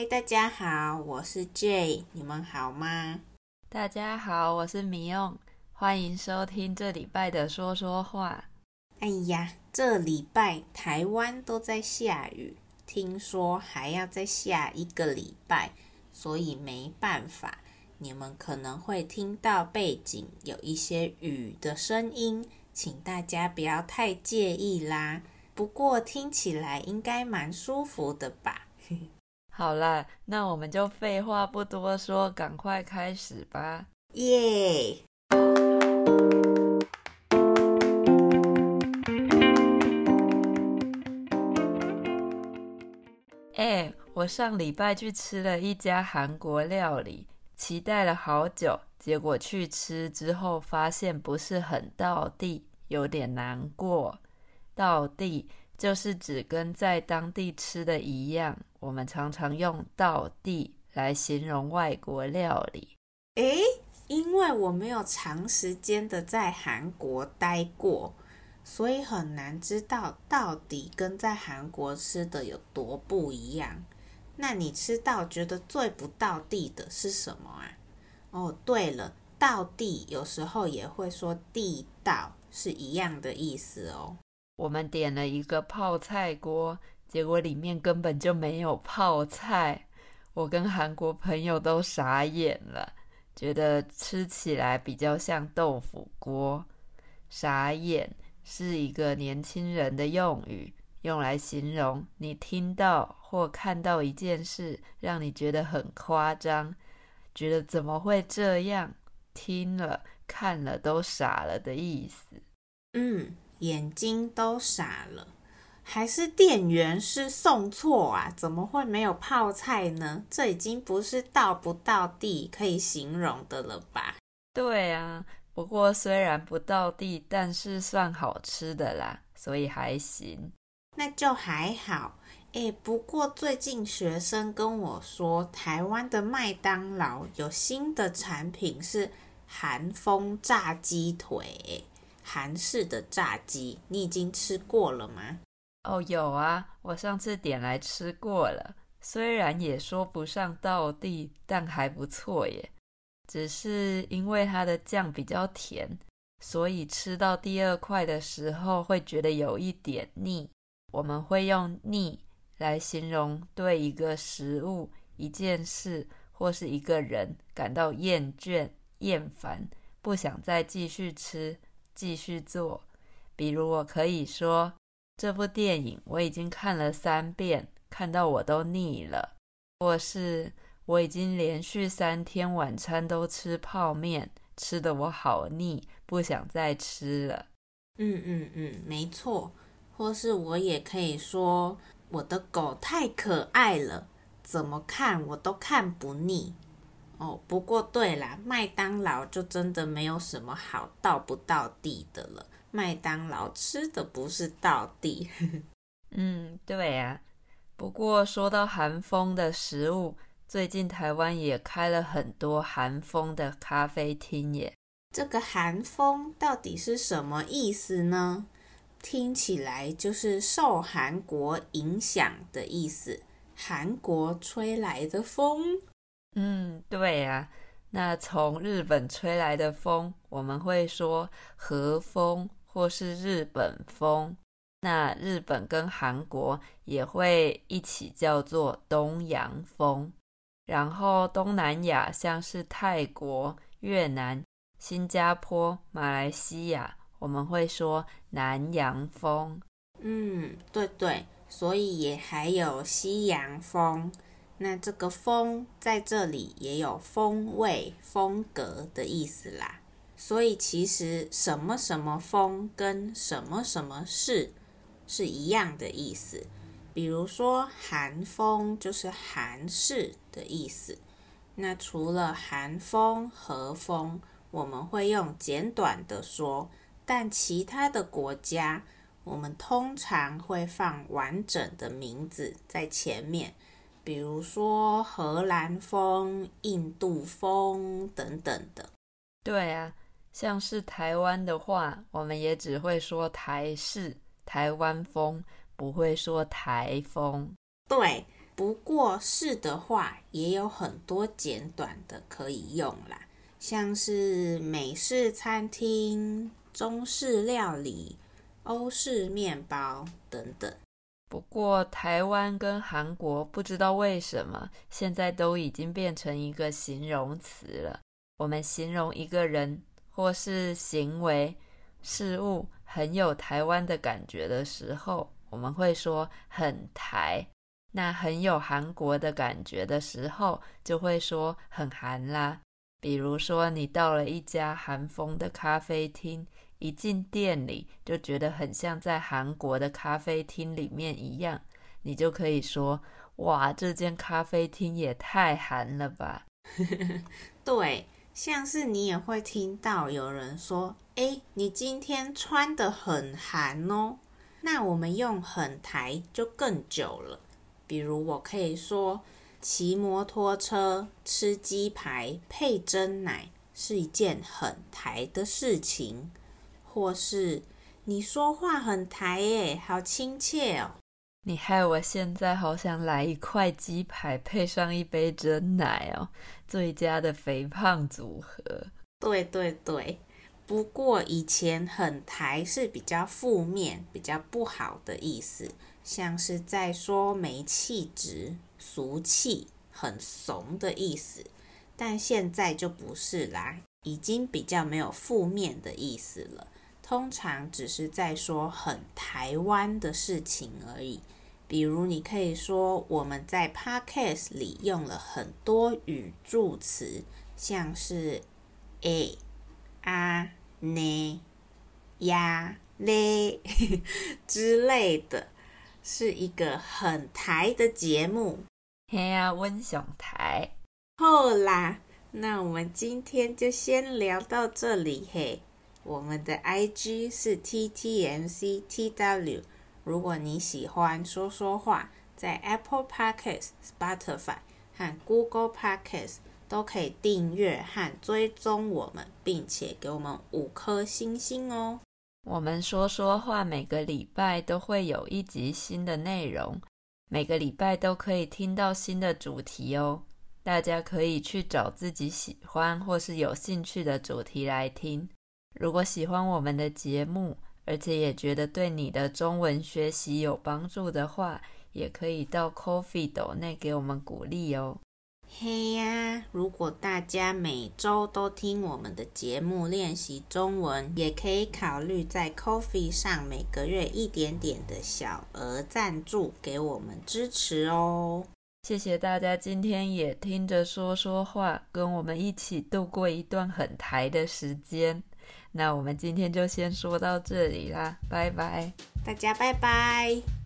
嗨，hey, 大家好，我是 Jay，你們好嗎？大家好，我是米用，歡迎收聽這禮拜的說說話。哎呀，這禮拜台灣都在下雨，聽說還要再下一個禮拜，所以沒辦法，你們可能會聽到背景有一些雨的聲音，請大家不要太介意啦。不過聽起來應該蠻舒服的吧？ 好了，那我們就廢話不多說，趕快開始吧！耶！哎，我上禮拜去吃了一家韓國料理，期待了好久，結果去吃之後發現不是很到地，有點難過，到地，就是指跟在當地吃的一樣，我們常常用“道地”來形容外國料理。誒，因為我沒有長時間的在韓國待過，所以很難知道到底跟在韓國吃的有多不一樣。那你吃到覺得最不“道地”的是什麼啊？哦，對了，“道地”有時候也會說“地道”，是一樣的意思哦。我們點了一個泡菜鍋，結果裡面根本就沒有泡菜。我跟韓國朋友都傻眼了，覺得吃起來比較像豆腐鍋。傻眼是一個年輕人的用語，用來形容你聽到或看到一件事，讓你覺得很誇張，覺得怎麼會這樣，聽了，看了都傻了的意思。嗯。眼睛都傻了，還是店員是送錯啊？怎麼會沒有泡菜呢？這已經不是到不到地可以形容的了吧？對啊，不過雖然不到地，但是算好吃的啦，所以還行。那就還好，誒，不過最近學生跟我說，台灣的麥當勞有新的產品是韓風炸雞腿。韓式的炸雞，你已經吃過了嗎？哦，oh, 有啊，我上次點來吃過了。雖然也說不上道地，但還不錯耶。只是因為它的醬比較甜，所以吃到第二塊的時候會覺得有一點膩。我們會用“膩”來形容對一個食物、一件事或是一個人感到厭倦、厭煩，不想再繼續吃。繼續做，比如我可以說，這部電影我已經看了三遍，看到我都膩了。或是我已經連續三天晚餐都吃泡麵，吃得我好膩，不想再吃了。嗯嗯嗯，沒錯。或是我也可以說，我的狗太可愛了，怎麼看我都看不膩。哦，不過對啦，麥當勞就真的沒有什麼好道不道地的了。麥當勞吃的不是道地， 嗯，對啊。不過說到韓風的食物，最近台灣也開了很多韓風的咖啡廳耶。這個韓風到底是什麼意思呢？聽起來就是受韓國影響的意思，韓國吹來的風。嗯，對呀。那從日本吹來的風，我們會說和風或是日本風。那日本跟韓國也會一起叫做東洋風。然後東南亞，像是泰國、越南、新加坡、馬來西亞，我們會說南洋風。嗯，對對。所以也還有西洋風。那這個“風”在這裡也有風味、風格的意思啦，所以其實什麼什麼風跟什麼什麼式是一樣的意思。比如說“韓風”就是“韓式”的意思。那除了“韓風”、“和風”，我們會用簡短的說，但其他的國家，我們通常會放完整的名字在前面。比如說荷蘭風、印度風等等的。對啊，像是台灣的話，我們也只會說台式、台灣風，不會說颱風。對，不過是的話，也有很多簡短的可以用啦，像是美式餐廳、中式料理、歐式麵包等等。不過，台灣跟韓國不知道為什麼，現在都已經變成一個形容詞了。我們形容一個人或是行為、事物很有台灣的感覺的時候，我們會說很台；那很有韓國的感覺的時候，就會說很韓啦。比如說，你到了一家韓風的咖啡廳。一進店裡就覺得很像在韓國的咖啡廳裡面一樣，你就可以說：“哇，這間咖啡廳也太韓了吧！” 對，像是你也會聽到有人說：“哎，你今天穿得很韓哦。”那我們用“很台”就更久了，比如我可以說：“騎摩托車吃雞排配珍奶是一件很台的事情。”或是你說話很台。耶，好親切哦。你害我現在好想來一塊雞排，配上一杯珍奶哦，最佳的肥胖組合。對對對，不過以前很台是比較負面、比較不好的意思，像是在說沒氣質、俗氣、很慫的意思。但現在就不是啦，已經比較沒有負面的意思了。通常只是在說很台灣的事情而已，比如你可以說我們在 Podcast 裡用了很多語助詞，像是哎、欸、啊、呢、呀、嘞之類的，是一個很台的節目。嘿呀、啊，溫雄台。好啦，那我們今天就先聊到這裡嘿。我們的 IG 是 TTMCTW。如果你喜歡說說話，在 Apple Podcasts、Spotify 和 Google Podcasts 都可以訂閱和追蹤我們，並且給我們五顆星星哦。我們說說話，每個禮拜都會有一集新的內容，每個禮拜都可以聽到新的主題哦。大家可以去找自己喜歡或是有興趣的主題來聽。如果喜歡我們的節目，而且也覺得對你的中文學習有幫助的話，也可以到 Ko-fi 斗內給我們鼓勵哦。嘿呀！如果大家每周都聽我們的節目練習中文，也可以考慮在 Ko-fi 上每個月一點點的小額贊助給我們支持哦。謝謝大家今天也聽着說說話，跟我們一起度過一段很台的時間。那我們今天就先說到這裡啦，拜拜。大家拜拜。